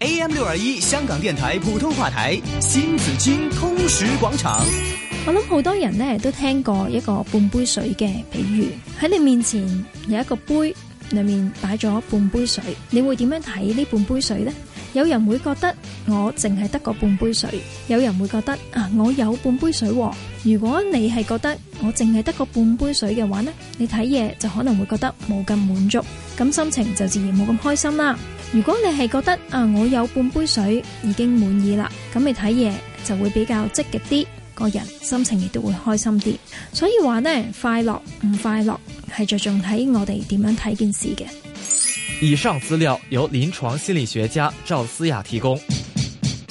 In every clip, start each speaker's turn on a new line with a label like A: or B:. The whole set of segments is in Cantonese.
A: AM 六二一香港電台普通話台新紫荊通識廣場。
B: 我諗好多人咧，都聽過一個半杯水嘅比喻。喺你面前有一個杯，裏面擺咗半杯水，你會點樣
C: 睇呢半杯水呢？有人會覺得，我淨係得個半杯水，有人會覺得啊，我有半杯水喎。如果你係覺得我淨係得個半杯水嘅話呢，你睇嘢，就可能會覺得冇咁滿足，咁心情就自然冇咁開心啦。如果你係覺得啊，我有半杯水已經滿意啦，咁你睇嘢，就會比較積極啲，個人心情亦都會開心啲。所以話呢，快樂唔快樂，係着重喺我哋點樣睇件事嘅。
A: 以上資料由臨床心理學家趙思雅提供。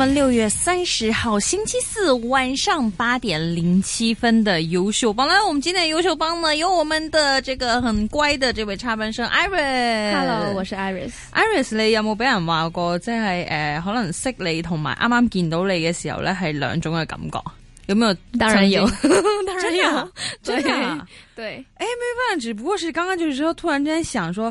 D: 我們六月三十號星期四晚上八點零七分的優秀榜呢，我們今天優秀榜呢，有我們的這個很乖的這位插班生。Iris。Hello，我是 Iris。Iris，你有冇俾人話過，即係誒、呃，可能識你同埋啱啱見到你嘅時候呢，係兩種嘅感覺？有冇有？當然有，當然有，真的，嗎 真的嗎對。誒、欸，沒辦法，只不過是剛剛就是說，突然之間想說。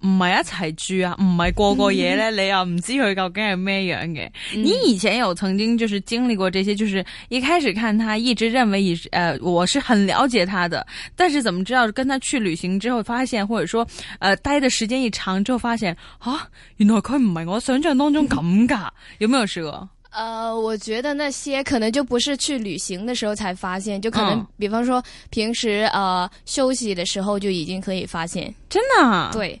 D: 唔係一齊住啊，唔係過過夜咧，嗯、你又唔知佢究竟係咩樣嘅。嗯、你以前有曾經就是經歷過這些，就是一開始看他，一直認為已，誒、呃，我是很了解他的，但是怎麼知道跟他去旅行之後發現，或者說，誒、呃，待的時間一長之後發現，啊、原來佢唔係我想象當中咁噶，嗯、有冇試過？誒、
C: 呃，我覺得那些可能就不是去旅行的時候才發現，就可能，嗯、比方說平時，誒、呃，休息的時候就已經可以發現，
D: 真的啊，對。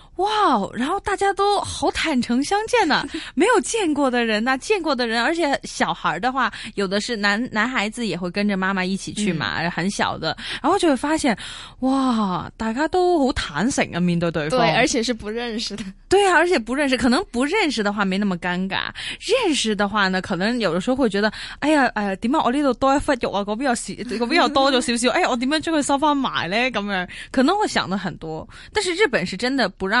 D: 哇，然後大家都好坦誠相見呢、啊， 沒有見過的人呐、啊，見過的人，而且小孩的話，有的是男男孩子也會跟着媽媽一起去嘛，嗯、很小的，然後就會發現，哇，大家都好坦誠啊，面對對方，對，而且
C: 是不認識的，
D: 對啊，而且不認識，可能不認識的話沒那麼尷尬，認識的話呢，可能有的時候會覺得，哎呀，哎，呀，點樣我呢度多有啊比，比，比較多，咗少少，哎，呀，我點樣將佢收翻埋咧，咁樣可能會想得很多，但是日本是真的不讓。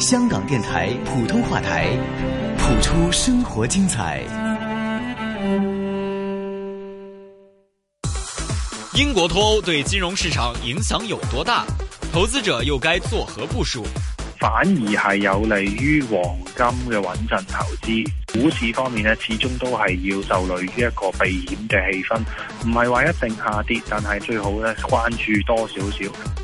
A: 香港電台普通話台，譜出生活精彩。英國脫歐對金融市場影響有多大？
E: 投資者又該作何部署？反而係有利於黃金嘅穩陣投資。股市方面呢，始終都係要受累於一個避險嘅氣氛，唔係話一定下跌，但係最好咧，關
A: 注多少少。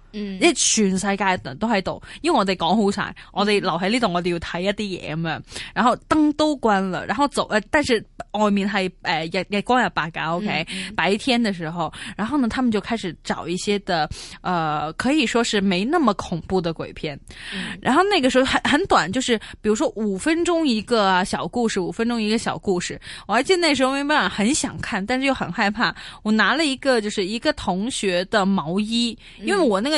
F: 嗯，即係
D: 全世界都喺度，因為我哋講好晒、嗯，我哋留喺呢度，我哋要睇一啲嘢咁樣，然後燈都關了，然後走，誒，但是外面係誒日日光日白噶，OK，嗯嗯、白天的時候，然後呢，他們就開始找一些的，呃，可以說是沒那麼恐怖的鬼片，嗯，然後那個時候很很短，就是，比如說五分鐘一個、啊、小故事，五分鐘一個小故事，我還記得那時候我沒辦法很想看，但是又很害怕，我拿了一個就是一個同學的毛衣，因為我那個。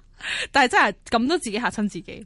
D: 但係真係咁都自己嚇親自己。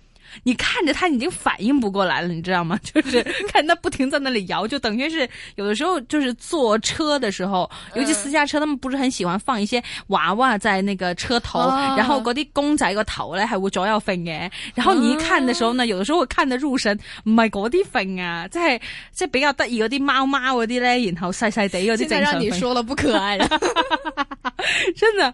D: 你看着他已經反應不過來了，你知道嗎？就是看他不停在那裏搖， 就等於是有的時候就是坐車的時候，嗯、尤其私家車，他們不是很喜歡放一些娃娃在那個車頭，啊、然後嗰啲公仔個頭咧，還會左右 fing，然後你一看的時候呢，啊、有的時候我看得入神，唔係嗰啲 fing 啊，即係即係比較得意嗰啲貓貓嗰啲咧，然後細細哋，嗰啲。現在讓你說了，不可愛了 真的。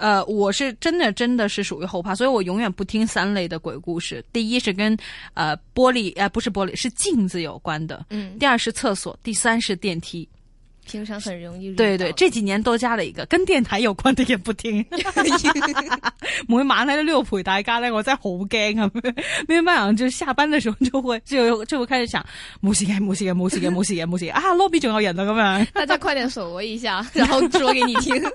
D: 呃，我是真的，真的是屬於後怕，所以我永遠不聽三類的鬼故事。第一是跟，呃，玻璃，呃，不是玻璃，是鏡子有關的。嗯。第二是廁所，第三是電梯。
C: 平常很容易。對對，
D: 這幾年多加了一個跟電台有關的也不聽。每晚喺度陪大家呢，我真係好驚啊！明咩人就下班的時候就會，就就會開始講：冇事嘅，冇事嘅，冇事嘅，冇事嘅，冇事啊 lobby 仲有人啊！咁樣、
C: 啊，大家快點守我一下， 然後說給你聽。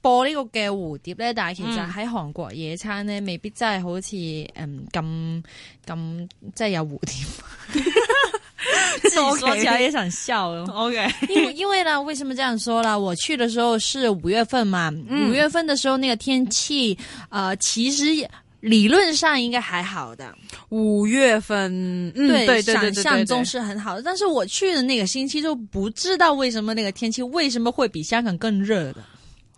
D: 播呢個嘅蝴蝶咧，但係其實喺韓國野餐呢，未必真係好似嗯，咁咁，即係有蝴蝶。 自己講起來也想笑咯。OK，因為因為啦，為什麼這樣說啦？我去的時候是五月份嘛，五、嗯、月份的時候，那個天氣，誒、呃，其實理論上應該還好的。五月份，嗯、對，想象中是很好的。但是我去的那個星期，就不知道為什麼那個天氣為什麼會比香港更熱的。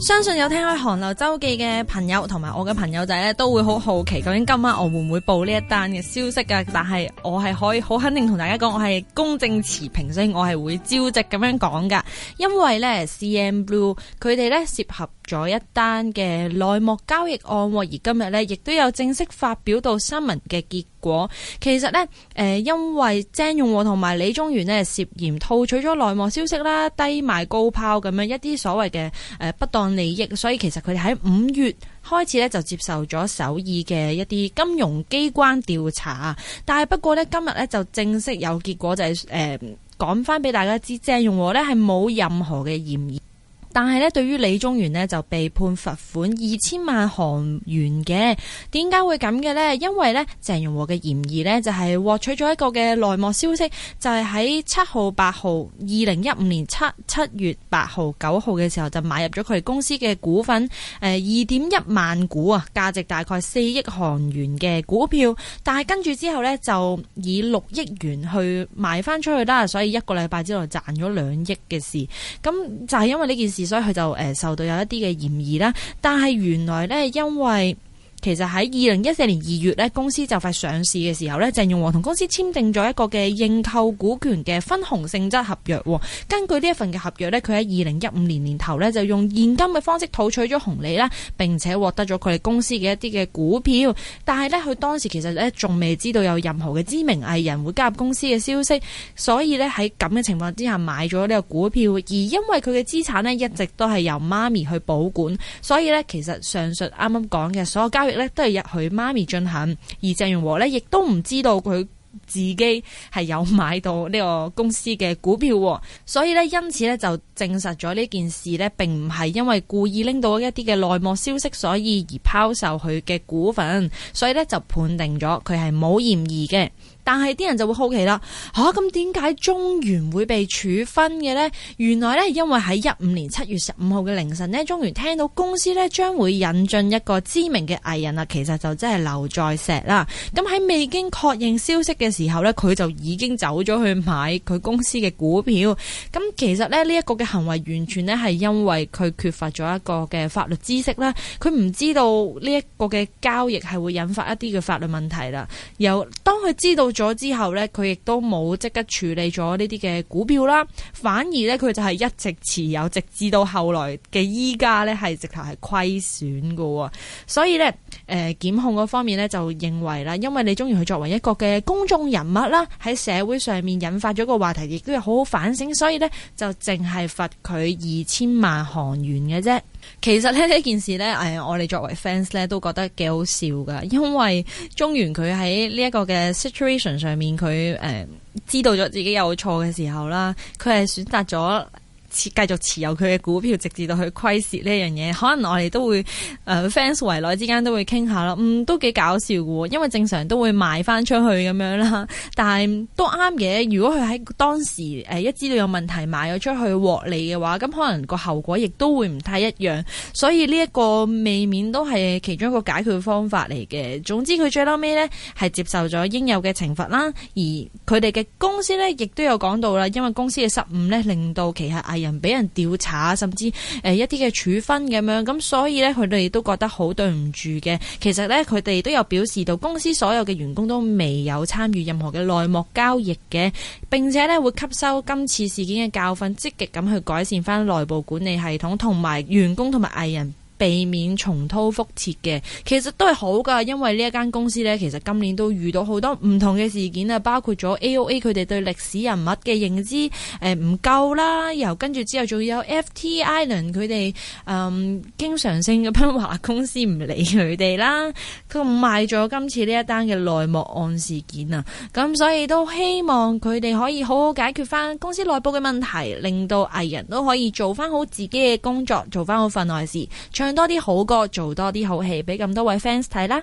D: 相信有聽開《寒流週記》嘅朋友同埋我嘅朋友仔咧，都會好好奇究竟今晚我會唔會報呢一單嘅消息噶？但係我係可以好肯定同大家講，我係公正持平，所以我係會招積咁樣講噶。因為咧，CM Blue 佢哋咧涉及咗一單嘅內幕交易案，而今日咧亦都有正式發表到新聞嘅結果。其實咧，誒，因為鄭勇和同埋李宗元呢，涉嫌套取咗內幕消息啦，低賣高拋咁樣一啲所謂嘅誒不當。利益，所以其實佢哋喺五月開始咧就接受咗首爾嘅一啲金融機關調查，但係不過呢，今日呢，就正式有結果，就是，就係誒講翻俾大家知鄭容和呢係冇任何嘅嫌疑。但係咧，對於李宗元呢就被判罰款二千萬韓元嘅，點解會咁嘅呢？因為呢鄭容和嘅嫌疑呢就係獲取咗一個嘅內幕消息，就係喺七號、八號、二零一五年七七月八號、九號嘅時候就買入咗佢哋公司嘅股份，誒二點一萬股啊，價值大概四億韓元嘅股票。但係跟住之後呢，就以六億元去賣翻出去啦，所以一個禮拜之內賺咗兩億嘅事。咁就係因為呢件事。所以佢就誒受到有一啲嘅嫌疑啦，但係原來咧，因為。其實喺二零一四年二月咧，公司就快上市嘅時候咧，鄭容和同公司簽訂咗一個嘅認購股權嘅分紅性質合約。根據呢一份嘅合約呢，佢喺二零一五年年頭呢，就用現金嘅方式套取咗紅利啦，並且獲得咗佢哋公司嘅一啲嘅股票。但係呢，佢當時其實呢，仲未知道有任何嘅知名藝人會加入公司嘅消息，所以呢，喺咁嘅情況之下買咗呢個股票。而因為佢嘅資產呢，一直都係由媽咪去保管，所以呢，其實上述啱啱講嘅所有交易，都係入佢媽咪進行，而鄭元和呢亦都唔知道佢自己係有買到呢個公司嘅股票，所以呢，因此呢，就證實咗呢件事呢並唔係因為故意拎到一啲嘅內幕消息，所以而拋售佢嘅股份，所以呢，就判定咗佢係冇嫌疑嘅。但係啲人就會好奇啦，吓咁點解中原會被處分嘅呢？原來呢，因為喺一五年七月十五號嘅凌晨呢，中原聽到公司呢將會引進一個知名嘅藝人啦，其實就真係劉在石啦。咁喺未經確認消息嘅時候呢，佢就已經走咗去買佢公司嘅股票。咁其實呢，呢一個嘅行為完全呢係因為佢缺乏咗一個嘅法律知識啦，佢唔知道呢一個嘅交易係會引發一啲嘅法律問題啦。由當佢知道。咗之後呢，佢亦都冇即刻處理咗呢啲嘅股票啦，反而呢，佢就係一直持有，直至到後來嘅依家呢，係直頭係虧損噶。所以呢，誒、呃、檢控嗰方面呢，就認為啦，因為你中意佢作為一個嘅公眾人物啦，喺社會上面引發咗個話題，亦都要好好反省，所以呢，就淨係罰佢二千萬韓元嘅啫。其實咧呢這件事呢，誒，我哋作為 fans 呢，都覺得幾好笑噶，因為中原佢喺呢一個嘅 situation 上面，佢誒、呃、知道咗自己有錯嘅時候啦，佢係選擇咗，持繼續持有佢嘅股票，直至到去虧蝕呢樣嘢，可能我哋都會誒 fans、呃、圍內之間都會傾下咯，嗯，都幾搞笑嘅，因為正常都會賣翻出去咁樣啦，但係都啱嘅。如果佢喺當時誒一知道有問題賣咗出去獲利嘅話，咁可能個後果亦都會唔太一樣。所以呢一個未免都係其中一個解決方法嚟嘅。總之佢最撈尾呢係接受咗應有嘅懲罰啦，而佢哋嘅公司呢亦都有講到啦，因為公司嘅失誤呢令到旗下人俾人調查，甚至誒一啲嘅處分咁樣，咁所以呢，佢哋都覺得好對唔住嘅。其實呢，佢哋都有表示到，公司所有嘅員工都未有參與任何嘅內幕交易嘅，並且呢會吸收今次事件嘅教訓，積極咁去改善翻內部管理系統同埋員工同埋藝人。避免重蹈覆轍嘅，其實都係好噶，因為呢一間公司咧，其實今年都遇到好多唔同嘅事件啊，包括咗 AOA 佢哋對歷史人物嘅認知誒唔夠啦，然後跟住之後仲有 FT Island 佢哋誒經常性咁樣話公司唔理佢哋啦，同埋咗今次呢一單嘅內幕案事件啊，咁所以都希望佢哋可以好好解決翻公司內部嘅問題，令到藝人都可以做翻好自己嘅工作，做翻好份內事。多啲好歌，做多啲好戲，俾咁多位 fans
G: 睇啦！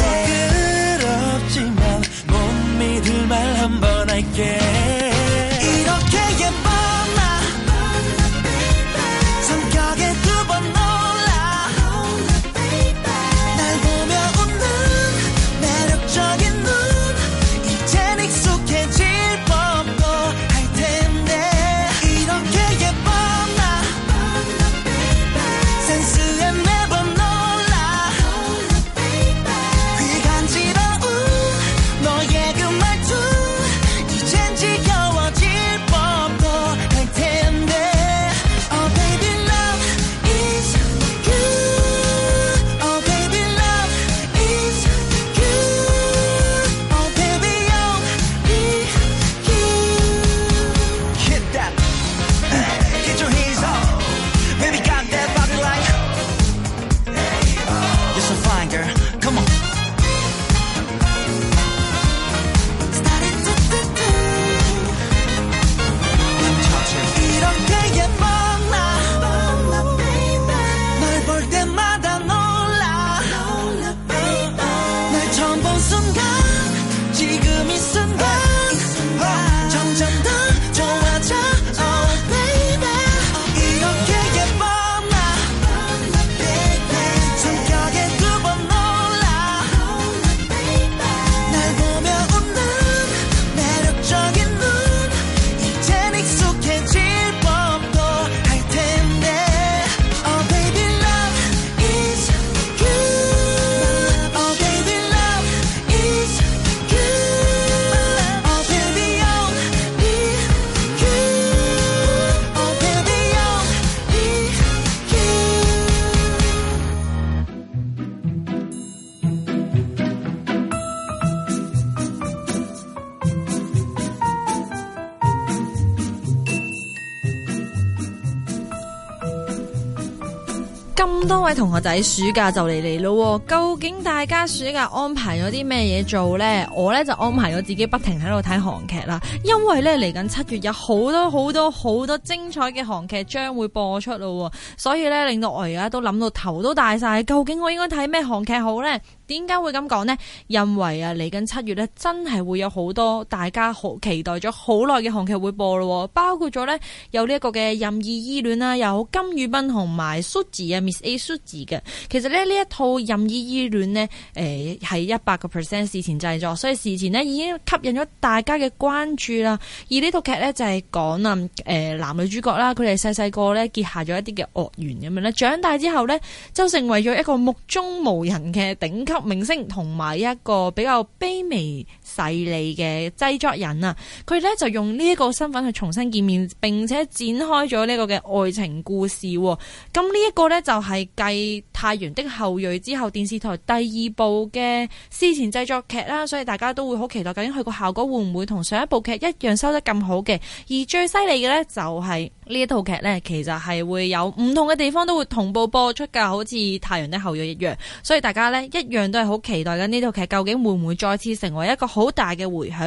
D: 多位同學仔，暑假就嚟嚟咯，究竟大家暑假安排咗啲咩嘢做呢？我咧就安排咗自己不停喺度睇韓劇啦，因為咧嚟緊七月有好多好多好多精彩嘅韓劇將會播出咯。所以咧，令到我而家都諗到頭都大晒。究竟我應該睇咩韓劇好咧？點解會咁講呢？因為啊，嚟緊七月咧，真係會有好多大家好期待咗好耐嘅韓劇會播咯，包括咗呢，有呢、這、一個嘅《任意依戀》啦，有金宇彬同埋 Suzy 嘅 Miss A Suzy 嘅。其實咧呢一套《任意依戀》呢，誒係一百個 percent 事前製作，所以事前呢已經吸引咗大家嘅關注啦。而呢套劇呢，就係講啊，誒男女主角啦，佢哋細細個呢結下咗一啲嘅惡。咁樣咧，長大之後呢就成為咗一個目中無人嘅頂級明星，同埋一個比較卑微。犀利嘅製作人啊，佢咧就用呢一個身份去重新見面，並且展開咗呢個嘅愛情故事。咁呢一個咧就係繼《太陽的後裔》之後電視台第二部嘅事前製作劇啦，所以大家都會好期待究竟佢個效果會唔會同上一部劇一樣收得咁好嘅？而最犀利嘅咧就係、是、呢一套劇咧，其實係會有唔同嘅地方都會同步播出噶，好似《太陽的後裔》一樣，所以大家咧一樣都係好期待緊呢套劇究竟會唔會再次成為一個好。好大嘅回響，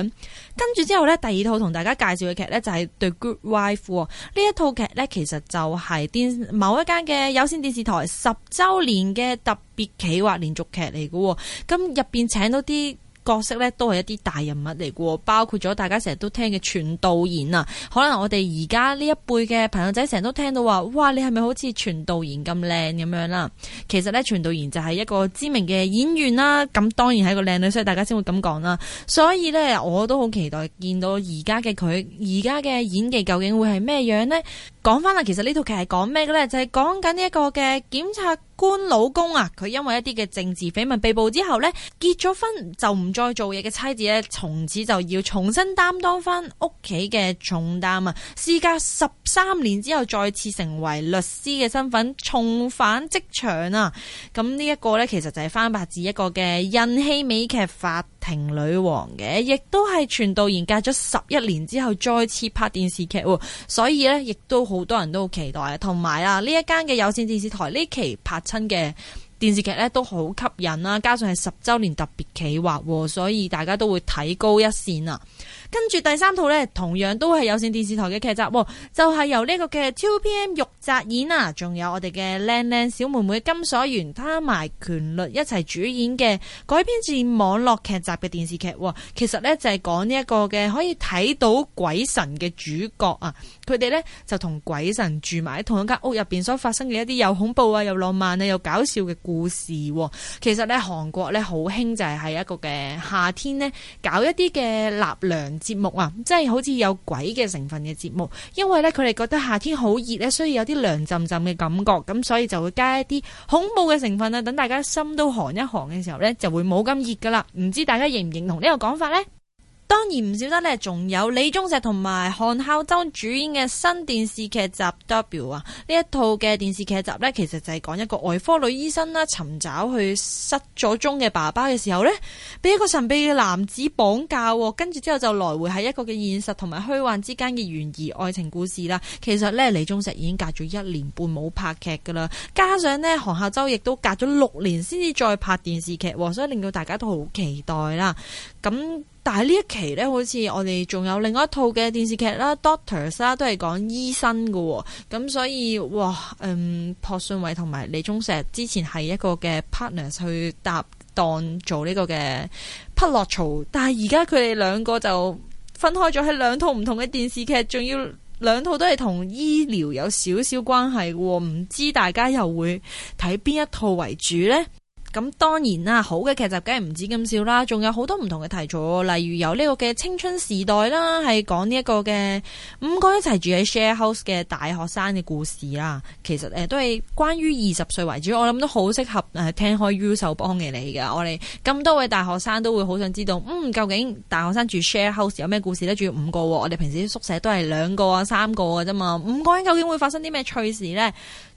D: 跟住之後呢，第二套同大家介紹嘅劇呢，就係《The Good Wife》呢一套劇呢，其實就係電某一間嘅有線電視台十周年嘅特別企劃連續劇嚟嘅，咁入邊請到啲。角色咧都係一啲大人物嚟嘅，包括咗大家成日都聽嘅全度妍啊。可能我哋而家呢一輩嘅朋友仔成日都聽到話，哇，你係咪好似全度妍咁靚咁樣啦？其實咧，全度妍就係一個知名嘅演員啦。咁當然係一個靚女，所以大家先會咁講啦。所以咧，我都好期待見到而家嘅佢，而家嘅演技究竟會係咩樣呢？講翻啦，其實呢套劇係講咩嘅呢？就係講緊呢一個嘅檢察官老公啊，佢因為一啲嘅政治緋聞被捕之後呢，結咗婚就唔再做嘢嘅妻子呢，從此就要重新擔當翻屋企嘅重擔啊。事隔十三年之後，再次成為律師嘅身份，重返職場啊。咁呢一個呢，其實就係翻拍自一個嘅人氣美劇法情女王嘅，亦都係全度妍隔咗十一年之後再次拍電視劇，所以咧亦都好多人都好期待啊！同埋啊，呢一間嘅有線電視台呢期拍親嘅電視劇咧都好吸引啦，加上係十週年特別企劃，所以大家都會睇高一線啊！跟住第三套呢，同樣都係有線電視台嘅劇集喎、哦，就係、是、由呢個嘅 2PM 玉澤演啊，仲有我哋嘅靚靚小妹妹金所炫、他埋權律一齊主演嘅改編自網絡劇集嘅電視劇、哦。其實呢，就係講呢一個嘅可以睇到鬼神嘅主角啊，佢哋呢，就同鬼神住埋同一間屋入面所發生嘅一啲又恐怖啊，又浪漫啊，又搞笑嘅故事、哦。其實呢，韓國呢，好興就係喺一個嘅夏天呢，搞一啲嘅納涼節目啊，即係好似有鬼嘅成分嘅節目，因為咧佢哋覺得夏天好熱咧，所以有啲涼浸浸嘅感覺，咁所以就會加一啲恐怖嘅成分啊，等大家心都寒一寒嘅時候呢，就會冇咁熱噶啦。唔知大家認唔認同呢個講法呢？當然唔少得呢，仲有李鐘碩同埋韓孝周主演嘅新電視劇集《W》啊！呢一套嘅電視劇集呢，其實就係講一個外科女醫生啦，尋找去失咗蹤嘅爸爸嘅時候呢，俾一個神秘嘅男子綁架，跟住之後就來回喺一個嘅現實同埋虛幻之間嘅懸疑愛情故事啦。其實呢，李鐘碩已經隔咗一年半冇拍劇噶啦，加上呢，韓孝周亦都隔咗六年先至再拍電視劇，所以令到大家都好期待啦。咁。但係呢一期呢，好似我哋仲有另外一套嘅電視劇啦，Doctors 啦，都係講醫生喎。咁所以哇，嗯，樸信惠同埋李鍾碩之前係一個嘅 partners 去搭檔做呢個嘅匹諾曹，但係而家佢哋兩個就分開咗，係兩套唔同嘅電視劇，仲要兩套都係同醫療有少少關係，唔知大家又會睇邊一套為主呢？咁當然啦，好嘅劇集梗係唔止咁少啦，仲有好多唔同嘅題材，例如有呢個嘅《青春時代》啦，係講呢一個嘅五個一齊住喺 share house 嘅大學生嘅故事啦。其實都係關於二十歲為主，我諗都好適合誒聽開 U 受幫嘅你嘅。我哋咁多位大學生都會好想知道，嗯，究竟大學生住 share house 有咩故事呢？仲要五個喎，我哋平時啲宿舍都係兩個啊三個啊啫嘛，五個人究竟會發生啲咩趣事呢？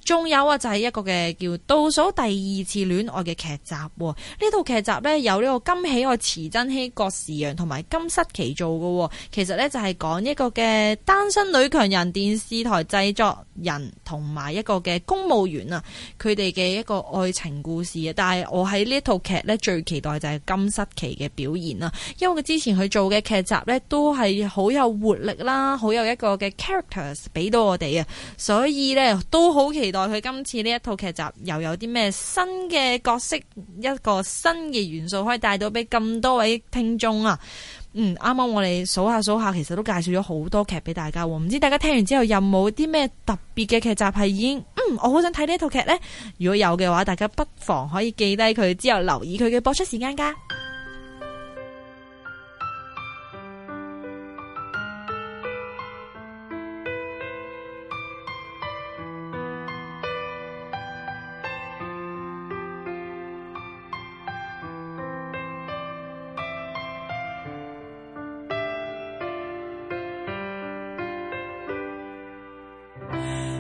D: 仲有啊，就係一個嘅叫倒數第二次戀愛嘅劇。劇集，呢套劇集咧有呢個金喜愛、池珍熙、郭時陽同埋金失奇做嘅，其實咧就係講一個嘅單身女強人電視台製作人同埋一個嘅公務員啊，佢哋嘅一個愛情故事啊。但係我喺呢套劇咧最期待就係金失奇嘅表現啦，因為佢之前佢做嘅劇集咧都係好有活力啦，好有一個嘅 characters 俾到我哋啊，所以咧都好期待佢今次呢一套劇集又有啲咩新嘅角色，一個新嘅元素可以帶到俾咁多位聽眾啊！嗯，啱啱我哋數下數下，其實都介紹咗好多劇俾大家。唔知大家聽完之後有冇啲咩特別嘅劇集係已經嗯我好想睇呢一套劇呢？如果有嘅話，大家不妨可以記低佢，之後留意佢嘅播出時間噶。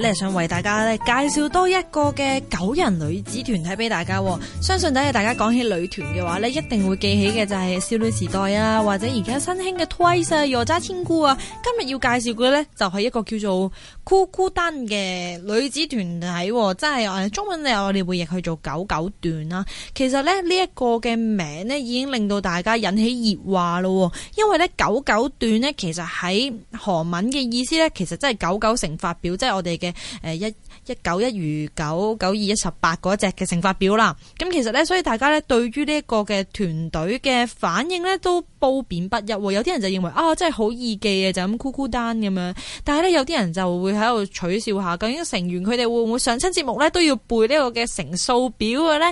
D: 咧想為大家咧介紹多一個嘅九人女子團體俾大家，哦，相信等下大家講起女團嘅話呢一定會記起嘅就係少女時代啊，或者而家新興嘅 TWICE，y 渣天姑啊。今日要介紹嘅呢，就係一個叫做酷酷丹嘅女子團體，哦，真係誒，呃，中文呢，我哋會譯去做九九段啦。其實呢，呢、這、一個嘅名呢已經令到大家引起熱話咯，因為呢，九九段呢，其實喺韓文嘅意思呢，其實真係九九乘法表，即、就、係、是、我哋嘅。誒，一一九一如九九二一十八嗰隻嘅乘法表啦，咁其實咧，所以大家咧對於呢一個嘅團隊嘅反應咧都褒貶不一，有啲人就認為啊、哦，真係好易記啊，就咁酷酷丹咁樣。但係咧，有啲人就會喺度取笑下究竟成員佢哋會唔會上親節目咧，都要背呢個嘅乘數表嘅呢？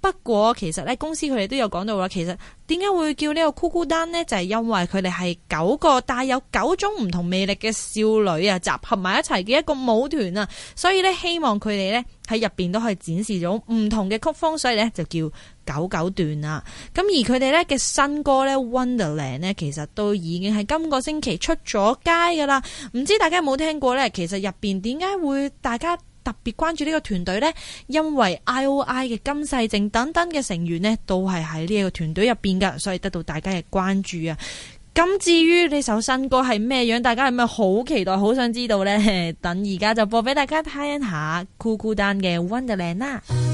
D: 不過其實咧，公司佢哋都有講到話，其實點解會叫呢個酷酷丹呢？就係、是、因為佢哋係九個帶有九種唔同魅力嘅少女啊，集合埋一齊嘅一個舞團啊，所以咧希望佢哋咧。喺入邊都可以展示咗唔同嘅曲風，所以咧就叫九九段啦。咁而佢哋咧嘅新歌咧《Wonderland》呢，其實都已經係今個星期出咗街噶啦。唔知大家有冇聽過呢？其實入邊點解會大家會特別關注呢個團隊呢？因為 IOI 嘅金世正等等嘅成員呢，都係喺呢個團隊入邊噶，所以得到大家嘅關注啊！咁至於呢首新歌係咩樣，大家係咪好期待、好想知道呢 等而家就播俾大家聽下，Kukulcan 嘅《Wonderland》啦。